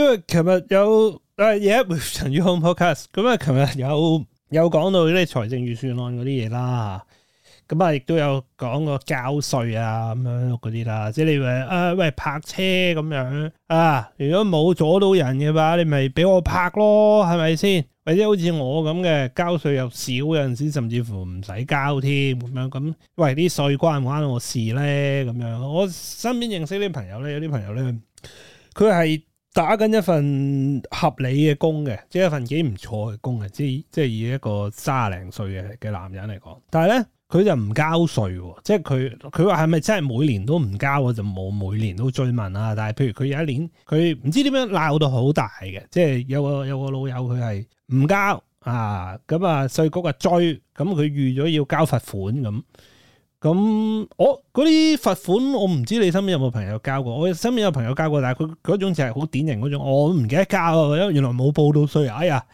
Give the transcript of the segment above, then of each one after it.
因為琴日有誒，而家《Rich 與 Home Podcast》咁啊，琴日有有講到啲財政預算案嗰啲嘢啦，咁啊，亦都有講過交稅啊，咁樣嗰啲啦，即係你話啊，喂泊車咁樣啊，如果冇阻到人嘅話，你咪俾我泊咯，係咪先？或者好似我咁嘅交稅又少，有陣時甚至乎唔使交添，咁樣咁，喂啲稅關唔關我事咧？咁樣我身邊認識啲朋友咧，有啲朋友咧，佢係。打緊一份合理嘅工嘅，即係一份幾唔錯嘅工嘅，即係即係以一個卅零歲嘅嘅男人嚟講，但係咧佢就唔交稅喎，即係佢佢話係咪真係每年都唔交我就冇，每年都追問啊。但係譬如佢有一年佢唔知點樣鬧到好大嘅，即係有個有個老友佢係唔交啊，咁，嗯，啊稅局啊追，咁，嗯，佢預咗要交罰款咁。嗯咁我嗰啲罰款，我唔知你身邊有冇朋友交過。我身邊有朋友交過，但係佢嗰種就係好典型嗰種，我、哦、唔記得交啊。因為原來冇報到稅。哎呀，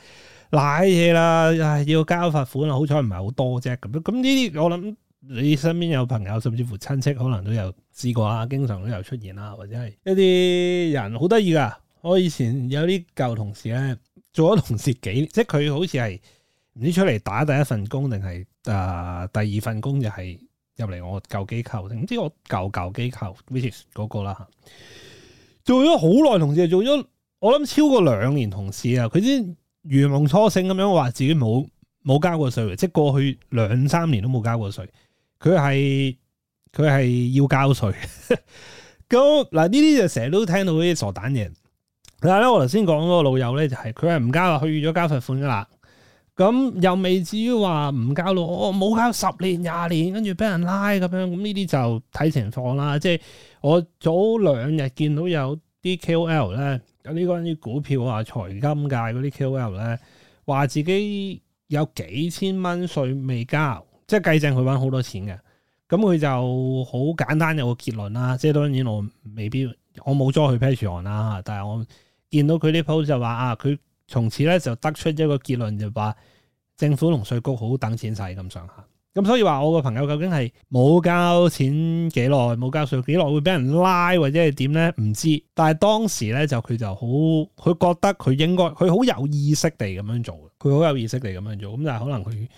賴嘢啦，要交罰款啊。好彩唔係好多啫。咁咁呢啲，我諗你身邊有朋友，甚至乎親戚，可能都有試過啊。經常都有出現啦，或者係一啲人好得意噶。我以前有啲舊同事咧，做咗同事幾年，即係佢好似係唔知出嚟打第一份工定係啊第二份工就係。入嚟我舊機構，總之我舊舊機構 v i 嗰個啦，做咗好耐同事，做咗我諗超過兩年同事啊，佢先如夢初醒咁樣話自己冇冇交過稅，即係過去兩三年都冇交過稅，佢係佢係要交稅。咁嗱呢啲就成日都聽到啲傻蛋嘢。但係咧，我頭先講嗰個老友咧就係佢係唔交，去咗交罰款啦。咁又未至於話唔交咯，我、哦、冇交十年廿年，跟住俾人拉咁樣，咁呢啲就睇情況啦。即係我早兩日見到有啲 KOL 咧，有啲關於股票啊、財金界嗰啲 KOL 咧，話自己有幾千蚊稅未交，即係計正佢搵好多錢嘅。咁佢就好簡單有個結論啦。即係當然我未必，我冇咗去 Patreon 啦，但係我見到佢啲 post 就話啊，佢。從此咧就得出一個結論，就話政府同稅局好等錢使咁上下，咁所以話我個朋友究竟係冇交錢幾耐，冇交稅幾耐，會俾人拉或者係點咧？唔知。但係當時咧就佢就好，佢覺得佢應該，佢好有意識地咁樣做，佢好有意識地咁樣做。咁但係可能佢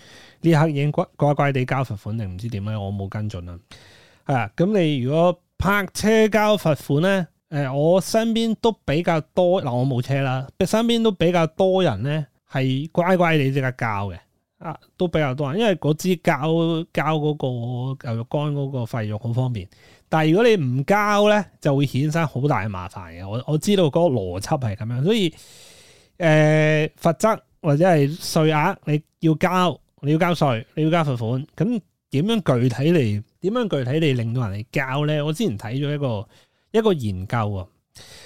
呢刻已經乖乖地交罰款定唔知點咧？我冇跟進啦。係啊，咁你如果泊車交罰款咧？誒、呃，我身邊都比較多，嗱、呃、我冇車啦，身邊都比較多人咧，係乖乖地即刻交嘅，啊，都比較多人，因為嗰支交交嗰個牛肉乾嗰個費用好方便，但係如果你唔交咧，就會衍生好大嘅麻煩嘅。我我知道嗰個邏輯係咁樣，所以誒罰則或者係稅額，你要交，你要交稅，你要交罰款，咁點樣具體嚟？點樣具體嚟令到人嚟交咧？我之前睇咗一個，一個研究啊，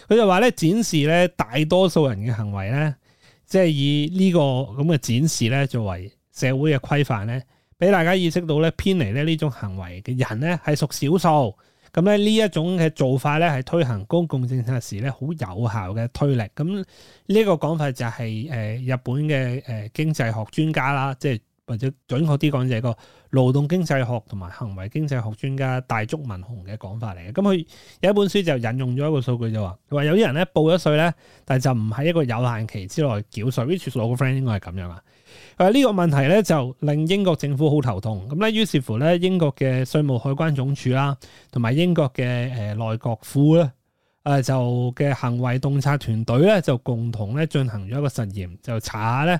佢就話咧展示，咧大多數人嘅行為咧，即係以呢個咁嘅展示咧作為社會嘅規範咧，俾大家意識到咧偏離咧呢種行為嘅人咧係屬少數，咁咧呢一種嘅做法咧係推行公共政策時咧好有效嘅推力，咁、這、呢個講法就係誒日本嘅誒經濟學專家啦，即係。或者準確啲講，就係個勞動經濟學同埋行為經濟學專家大竹文雄嘅講法嚟嘅。咁佢有一本書就引用咗一個數據，就話話有啲人咧報咗稅咧，但係就唔喺一個有限期之內繳稅。Which is my friend，應該係咁樣啊。佢話呢個問題咧就令英國政府好頭痛。咁咧，於是乎咧，英國嘅稅務海關總署啦，同埋英國嘅誒內閣府咧，誒就嘅行為洞察團隊咧，就共同咧進行咗一個實驗，就查下咧。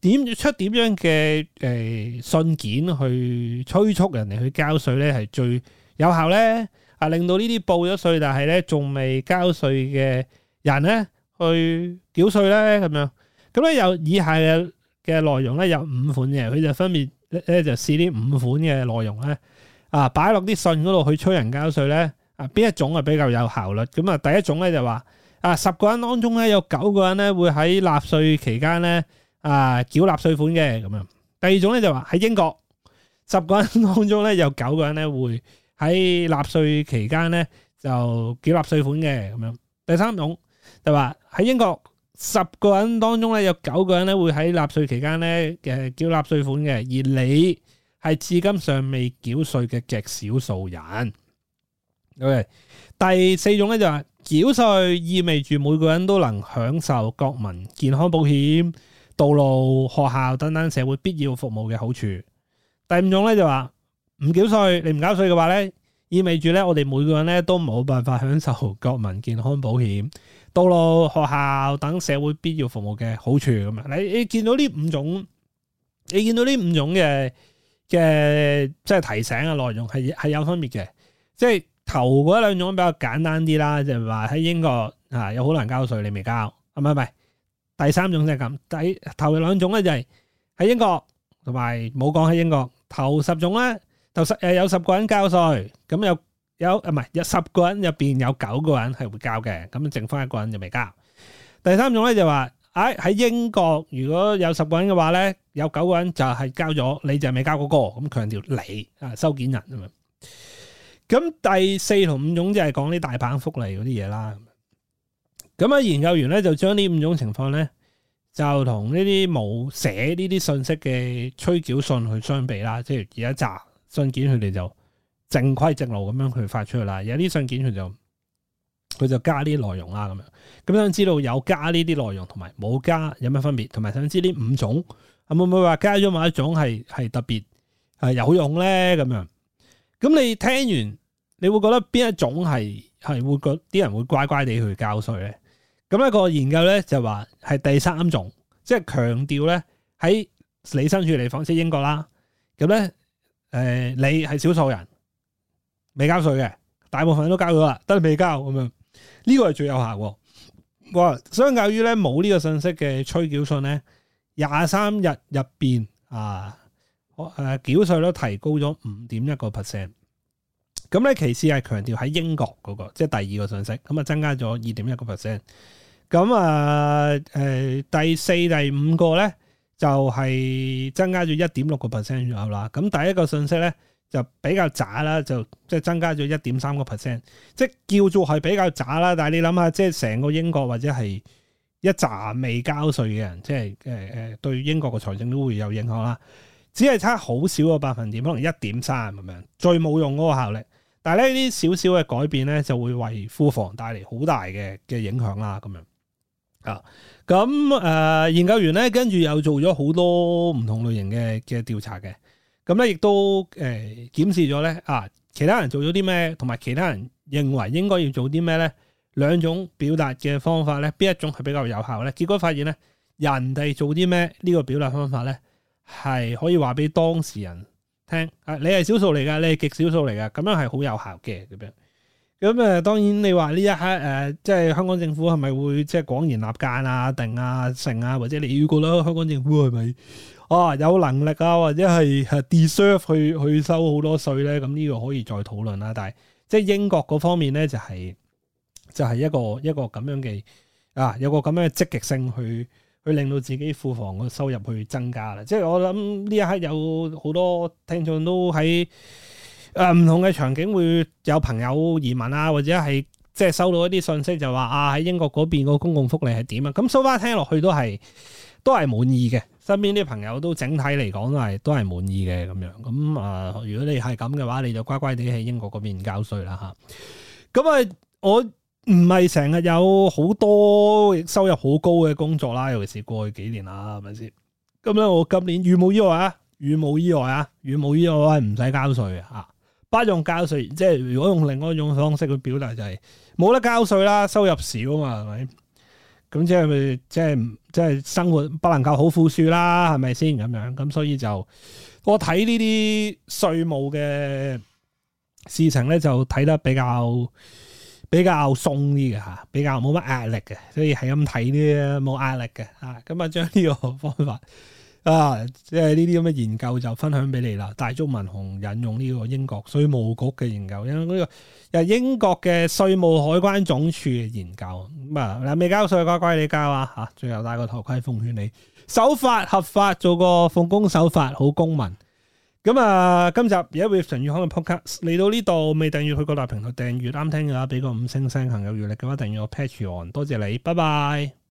點出點樣嘅誒信件去催促人哋去交稅咧，係最有效咧，啊令到呢啲報咗稅但係咧仲未交稅嘅人咧去繳稅咧，咁樣咁咧有以下嘅嘅內容咧有五款嘅，佢就分別咧就試呢五款嘅內容咧啊擺落啲信嗰度去催人交稅咧啊邊一種係比較有效率？咁啊第一種咧就話啊十個人當中咧有九個人咧會喺納稅期間咧。啊繳納稅款嘅咁樣，第二種咧就話喺英國十個人當中咧，有九個人咧會喺納稅期間咧就繳納稅款嘅咁樣。第三種就話喺英國十個人當中咧，有九個人咧會喺納稅期間咧嘅繳納稅款嘅，而你係至今尚未繳稅嘅極少數人。OK，第四種咧就話繳稅意味住每個人都能享受國民健康保險、道路、學校等等社會必要服務嘅好處。第五種咧就話唔繳稅，你唔交稅嘅話咧,意味住咧我哋每個人咧都冇辦法享受國民健康保險、道路、學校等社會必要服務嘅好處咁啊！你你見到呢五種，你見到呢五種嘅嘅即係提醒嘅內容係係有分別嘅。即係頭嗰兩種比較簡單啲啦，就係話喺英國吓、啊、有好多人交稅，你未交啊？唔係唔第三種就係咁，第頭兩種咧就係、是、喺英國同埋冇講喺英國。頭十種咧，頭十誒有十個人交稅，咁有有唔係有十個人入邊有九個人係會交嘅，咁剩翻一個人就未交。第三種咧就話、是、誒、哎、喺英國如果有十個人嘅話咧，有九個人就係交咗，你就未交過、那個個咁強調你啊收件人啊嘛。咁第四同五種就係講啲大棒福利嗰啲嘢啦。咁啊，研究員咧就將呢五種情況咧，就同呢啲冇寫呢啲信息嘅催繳信去相比啦。即係有一紮信件，佢哋就正規正路咁樣去發出去啦。有啲信件佢就佢就加啲內容啦，咁樣咁想知道有加呢啲內容同埋冇加有咩分別，同埋想知呢五種會唔會話加咗某一種係係特別係有用咧？咁樣咁你聽完你會覺得邊一種係係會覺啲人會乖乖地去交稅咧？咁、那、一個研究咧就話係第三種，即係強調咧喺你身處地方，即係英國啦。咁咧，誒，你係少數人未交稅嘅，大部分人都交咗啦，得你未交咁樣，呢個係最有效。哇！相較於咧冇呢個信息嘅催繳信咧，廿三日入邊啊，誒，繳稅都提高咗五點一個 percent。咁咧其次係強調喺英國嗰、那個，即、就、係、是、第二個信息，咁啊增加咗二點一個 percent，咁啊誒第四、第五個咧就係、是、增加咗一點六個 percent 左右啦，咁第一個信息咧就比較渣啦，就即係增加咗一點三個 percent，即係叫做係比較渣啦，但係你諗下，即係成個英國或者係一拃未交稅嘅人，即係誒誒對英國嘅財政都會有影響啦。只係差好少個百分點，可能一點三咁樣，最冇用嗰個效力。但係咧呢啲少少嘅改變咧，就會為庫房帶嚟好大嘅嘅影響啦。咁樣啊，咁、嗯、誒，研究員咧跟住又做咗好多唔同類型嘅嘅調查嘅。咁咧亦都誒檢視咗咧啊，其他人做咗啲咩，同埋其他人認為應該要做啲咩咧？兩種表達嘅方法咧，邊一種係比較有效咧？結果發現咧，人哋做啲咩呢個表達方法咧？係可以話俾當事人聽，啊，你係少數嚟噶，你係極少數嚟噶，咁樣係好有效嘅咁樣。咁誒，當然你話呢一刻誒，即、呃、係、就是、香港政府係咪會即係廣言立間啊、定啊、成啊，或者你預估到香港政府係咪啊有能力啊，或者係係 deserve 去去收好多稅咧？咁呢個可以再討論啦。但係即係英國嗰方面咧，就係、是、就係、是、一個一個咁樣嘅啊，有個咁樣嘅積極性去。去令到自己庫房嘅收入去增加啦，即係我諗呢一刻有好多聽眾都喺誒唔同嘅場景會有朋友移民啊，或者係即係收到一啲信息就話啊喺英國嗰邊個公共福利係點啊？咁 so far 聽落去都係都係滿意嘅，身邊啲朋友都整體嚟講都係都係滿意嘅咁樣。咁啊、呃，如果你係咁嘅話，你就乖乖地喺英國嗰邊交稅啦嚇。咁啊，我。唔係成日有好多收入好高嘅工作啦，尤其是過去幾年啦，係咪先？咁咧，我今年如冇意外啊，如冇意外啊，如冇意外唔使交稅啊，不用交稅，啊。即係如果用另外一種方式去表達，就是就係冇得交稅啦，收入少啊嘛，係咪？咁即係，即係，即係生活不能夠好富庶啦，係咪先？咁樣咁，所以就我睇呢啲稅務嘅事情咧，就睇得比較。比較鬆啲嘅吓，比較冇乜壓力嘅，所以係咁睇啲冇壓力嘅吓，咁啊將呢個方法啊即係呢啲咁嘅研究就分享俾你啦。大竹文雄引用呢個英國稅務局嘅研究，因為呢個又係英國嘅稅務海關總署嘅研究啊，你未交稅乖乖你交啊吓，最後戴個頭盔奉勸你，守法合法，做個奉公守法，好公民。咁啊，今集而家 with 陳宇康嘅 podcast 嚟到呢度，未訂閱佢各大平台訂閱啱聽嘅話，俾個五星星，行有餘力嘅話，訂閱我 Patreon，多謝你，拜拜。